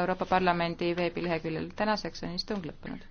Euroopa Parlamendi veebileheküljel. tänaseks on istung lõppenud.